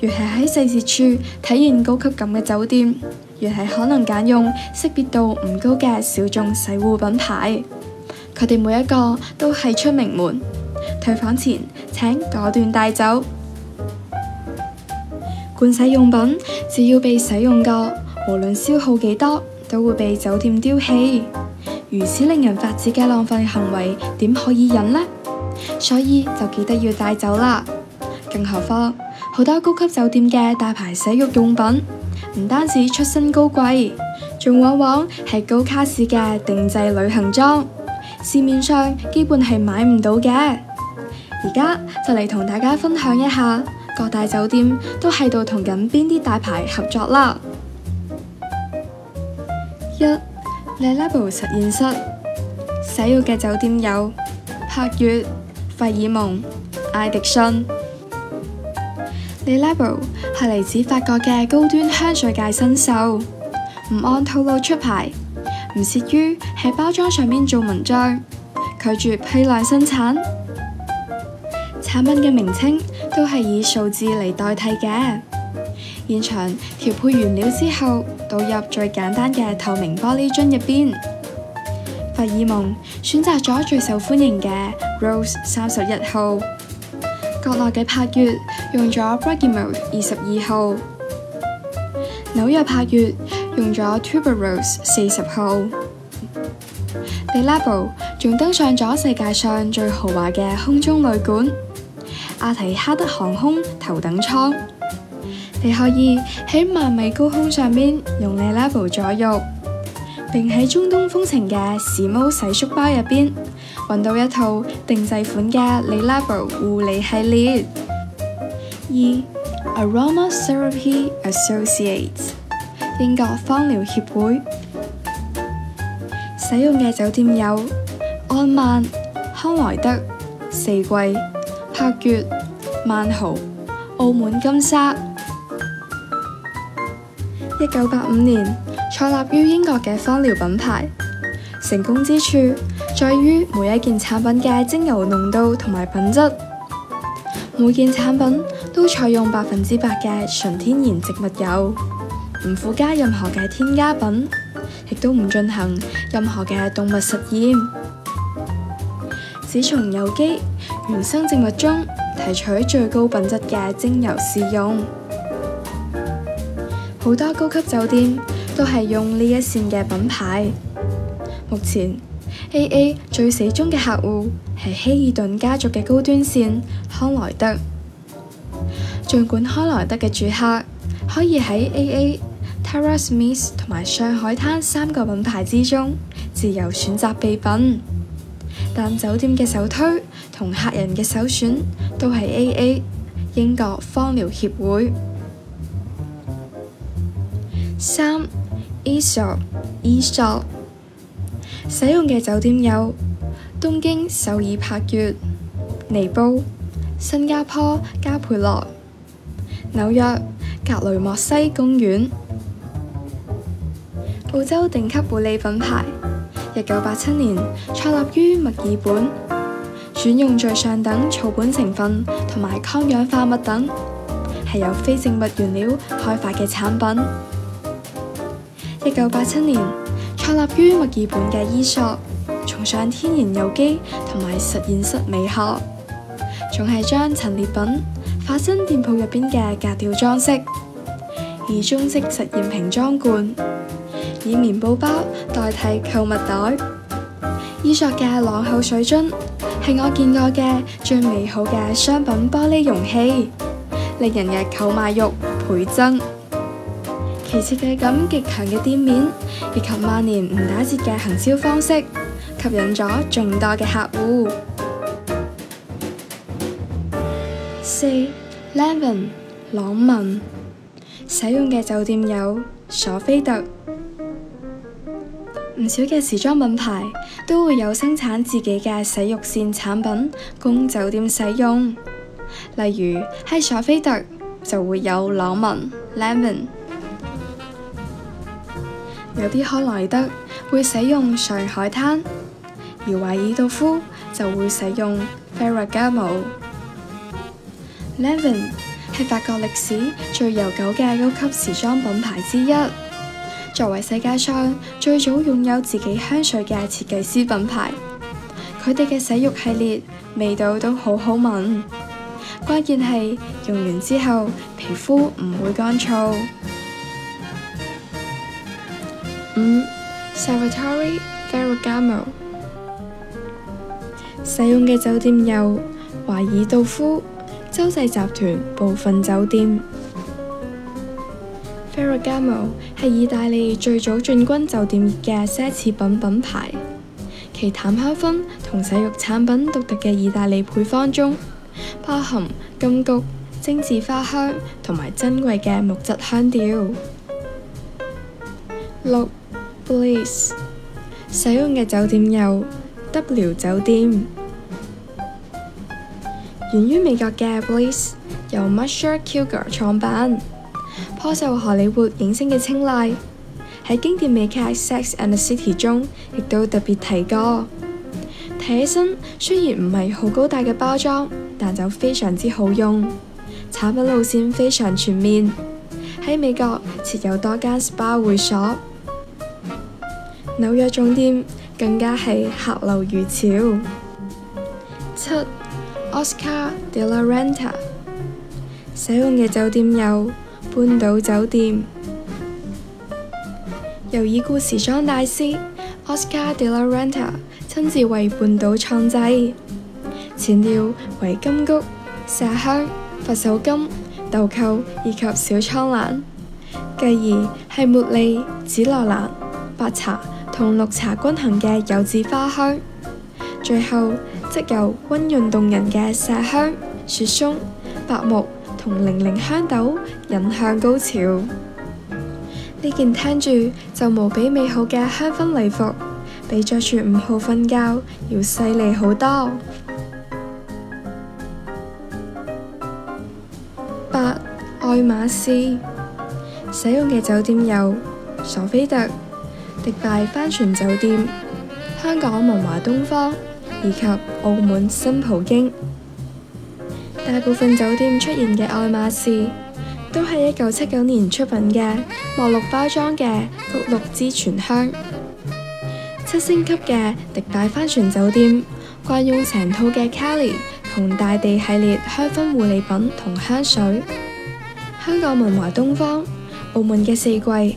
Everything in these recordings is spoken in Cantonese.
越係喺細節處體現高級感嘅酒店，越係可能揀用識別度唔高嘅小眾洗護品牌。佢哋每一個都係出名門。退房前，請果斷帶走。盥洗用品只要被使用過，無論消耗幾多，都會被酒店丟棄。如此令人發指嘅浪費行為，點可以忍呢？所以就記得要帶走啦。更何況。好多高級酒店嘅大牌洗浴用品，唔單止出身高貴，仲往往係高卡士嘅定製旅行裝，市面上基本係買唔到嘅。而家就嚟同大家分享一下各大酒店都喺度同緊邊啲大牌合作啦。一 Le Labo 實驗室洗浴嘅酒店有柏悅、費爾蒙、艾迪遜。Le Labo 係嚟自法國嘅高端香水界新秀，唔按套路出牌，唔屑於喺包裝上面做文章，拒絕批量生產，產品嘅名稱都係以數字嚟代替嘅。現場調配原料之後，倒入最簡單嘅透明玻璃樽入邊。法爾蒙選擇咗最受歡迎嘅 Rose 三十一號。國內嘅柏悦用咗 Bergamote 二十二號，紐約柏悦用咗 Tuberose 四十號，Le Labo 仲登上咗世界上最豪華嘅空中旅館——阿提哈德航空頭等艙，你可以喺萬米高空上面用 Le Labo 沐浴，並喺中東風情嘅 Smooth 洗漱包入邊。揾到一套定製款嘅 Le Labo 護理系列。二 Aromatherapy Associates 英國芳療協會使用嘅酒店有安曼、康萊德、四季、柏悦、萬豪、澳門金沙。一九八五年創立於英國嘅芳療品牌。成功之處，在於每一件產品嘅精油濃度同埋品質。每件產品都採用百分之百嘅純天然植物油，唔附加任何嘅添加品，亦都唔進行任何嘅動物實驗，只從有機原生植物中提取最高品質嘅精油試用。好多高級酒店都係用呢一線嘅品牌。目前 AA 最死忠嘅客戶係希爾頓家族嘅高端線康萊德。儘管康萊德嘅住客可以喺 AA、Tara Smith 同埋上海灘三個品牌之中自由選擇備品，但酒店嘅首推同客人嘅首選都係 AA 英國芳療協會。三 Aesop，Aesop 使用嘅酒店有東京首爾柏悦、尼布、新加坡嘉佩樂、紐約格雷莫西公園、澳洲頂級護理品牌。一九八七年創立於墨爾本，選用最上等草本成分同埋抗氧化物等，係由非植物原料開發嘅產品。一九八七年。創立於墨爾本嘅伊索，崇尚天然有機同埋實驗室美學，仲係將陳列品化身店鋪入邊嘅格調裝飾，以中式實驗瓶裝罐，以棉布包代替購物袋。伊索嘅朗口水樽係我見過嘅最美好嘅商品玻璃容器，令人嘅購買欲倍增。其設計感極強嘅店面，以及萬年唔打折嘅行銷方式，吸引咗眾多嘅客戶。四、Lanvin 朗文使用嘅酒店有索菲特，唔少嘅時裝品牌都會有生產自己嘅洗浴線產品供酒店使用，例如喺索菲特就會有朗文 Lanvin。有啲康萊德會使用上海灘，而華爾道夫就會使用 Ferragamo。Lanvin 係法國歷史最悠久嘅高級時裝品牌之一，作為世界上最早擁有自己香水嘅設計師品牌，佢哋嘅洗浴系列味道都好好聞，關鍵係用完之後皮膚唔會乾燥。五 Salvatore Ferragamo 使用嘅酒店有：華爾道夫洲際集團部分酒店。Ferragamo 係意大利最早進軍酒店嘅奢侈品品牌，其淡香氛同洗浴產品獨特嘅意大利配方中，包含金菊、精致花香同埋珍貴嘅木質香調。六 Bliss 使用嘅酒店有 W 酒店，源於美國嘅 Bliss，由 Marcia Kilgore 創辦，頗受荷里活影星嘅青睞，喺經典美劇《Sex and the City》中亦都特別提過。睇起身雖然唔係好高大嘅包裝，但就非常之好用，產品路線非常全面，喺美國設有多間 SPA 會所。紐約總店更加係客流如潮。七、Oscar de la Renta 使用嘅酒店有半島酒店。由已故時裝大師 Oscar de la Renta 親自為半島創製，前調為金橘、麝香、佛手柑、豆蔻以及小蒼蘭，繼而係茉莉、紫羅蘭、白茶。同綠茶均衡嘅柚子花香，最後則由溫潤動人嘅麝香、雪松、白木同零陵香豆引向高潮。呢件聽住就無比美好嘅香氛禮服，比着住五號瞓覺要犀利好多。八、愛馬仕使用嘅酒店有索菲特。迪拜帆船酒店、香港文華東方以及澳門新葡京，大部分酒店出現嘅愛馬仕，都係一九七九年出品嘅墨綠包裝嘅橘綠之泉香。七星級嘅迪拜帆船酒店慣用成套嘅 Kelly 同大地系列香氛護理品同香水。香港文華東方、澳門嘅四季。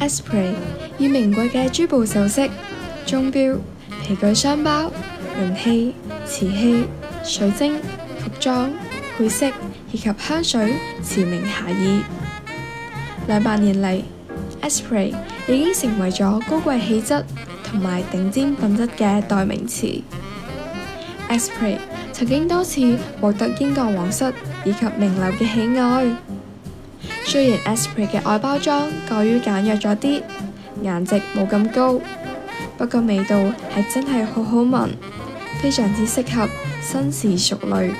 Asprey 以名貴嘅珠寶首飾、鐘錶、皮具箱包、銀器、瓷器、水晶、服裝、配飾以及香水馳名遐邇。兩百年嚟，Asprey 已經成為咗高貴氣質同埋頂尖品質嘅代名詞。Asprey 曾經多次獲得英國皇室以及名流嘅喜愛。雖然 Esprit 嘅外包裝過於簡約咗啲，顏值冇咁高，不過味道係真係好好聞，非常之適合新時熟女。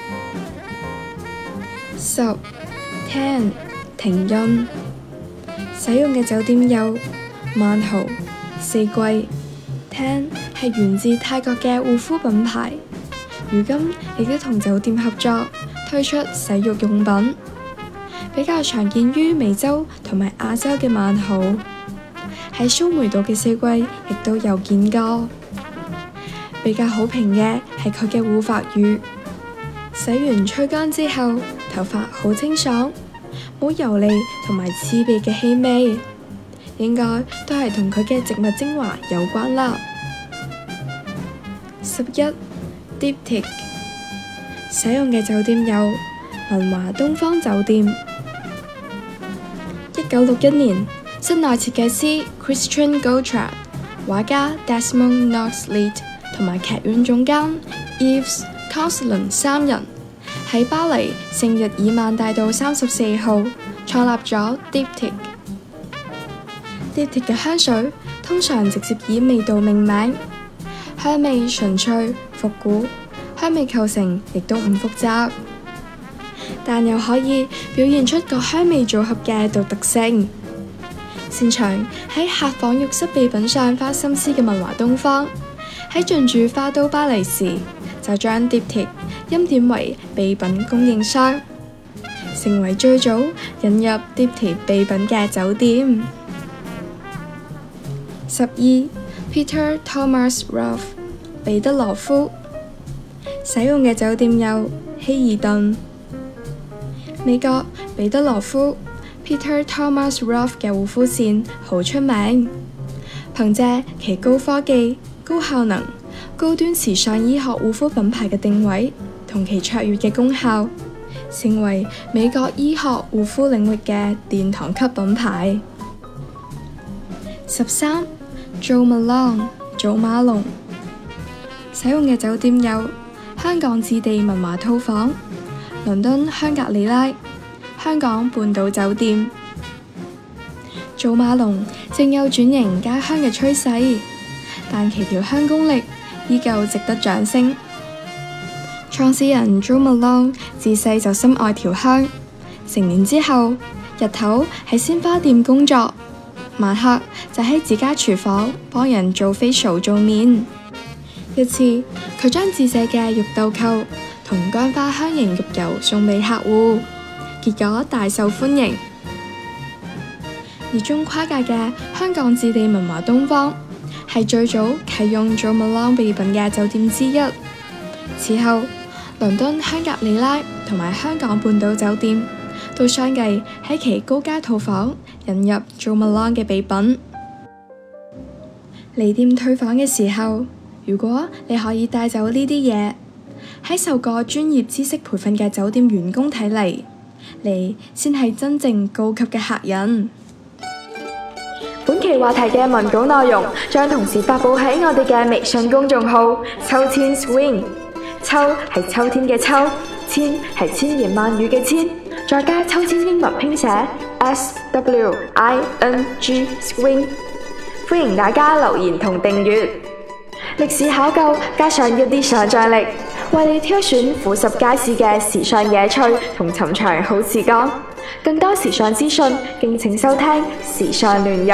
十 Ten 停音使用嘅酒店有萬豪、四季。Ten 係源自泰國嘅護膚品牌，如今亦都同酒店合作推出洗浴用品。比較常見於美洲同埋亞洲嘅萬豪，喺蘇梅島嘅四季亦都有見過。比較好評嘅係佢嘅護髮乳，洗完吹乾之後，頭髮好清爽，冇油膩同埋刺鼻嘅氣味，應該都係同佢嘅植物精華有關啦。十一，Diptyque，使用嘅酒店有文華東方酒店。九六一年，室內設計師 Christian Gautrat、畫家 Desmond Knox-Leet 同埋劇院總監 Yves Coueslant 三人喺巴黎聖日耳曼大道三十四號創立咗 Diptyque。Diptyque 嘅香水通常直接以味道命名，香味純粹復古，香味構成亦都唔複雜。但又可以表現出各香味組合嘅獨特性。擅長喺客房浴室備品上花心思嘅文華東方，喺進駐花都巴黎時就將 Diptyque 欽點為備品供應商，成為最早引入 Diptyque 備品嘅酒店。十二，Peter Thomas Roth 彼得羅夫使用嘅酒店有希爾頓。美國彼得羅夫 （Peter Thomas Roth） 嘅護膚線好出名，憑借其高科技、高效能、高端時尚醫學護膚品牌嘅定位同其卓越嘅功效，成為美國醫學護膚領域嘅殿堂級品牌。十三，Jo Malone（ 祖馬龍）使用嘅酒店有香港置地文華套房。倫敦香格里拉、香港半島酒店，祖馬龍正有轉型家鄉嘅趨勢，但其調香功力依舊值得掌聲。創始人祖馬龍自細就深愛調香，成年之後日頭喺鮮花店工作，晚黑就喺自家廚房幫人做 facial 做面。一次佢將自製嘅肉豆蔻同薑花香型浴油送俾客戶，結果大受歡迎。而中跨界嘅香港置地文華東方係最早啟用做 m i l 備品嘅酒店之一。此後，倫敦香格里拉同埋香港半島酒店都相繼喺其高階套房引入做 m i l 嘅備品。離店退房嘅時候，如果你可以帶走呢啲嘢。喺受過專業知識培訓嘅酒店員工睇嚟，你先係真正高級嘅客人。本期話題嘅文稿內容將同時發布喺我哋嘅微信公眾號“秋千 swing”，秋係秋天嘅秋，千係千言萬語嘅千。再加秋千英文拼寫 s w i n g swing，歡迎大家留言同訂閱。歷史考究加上一啲想象力，為你挑選俯拾皆是嘅時尚野趣同尋常好時光，更多時尚資訊，敬請收聽《時尚亂入》。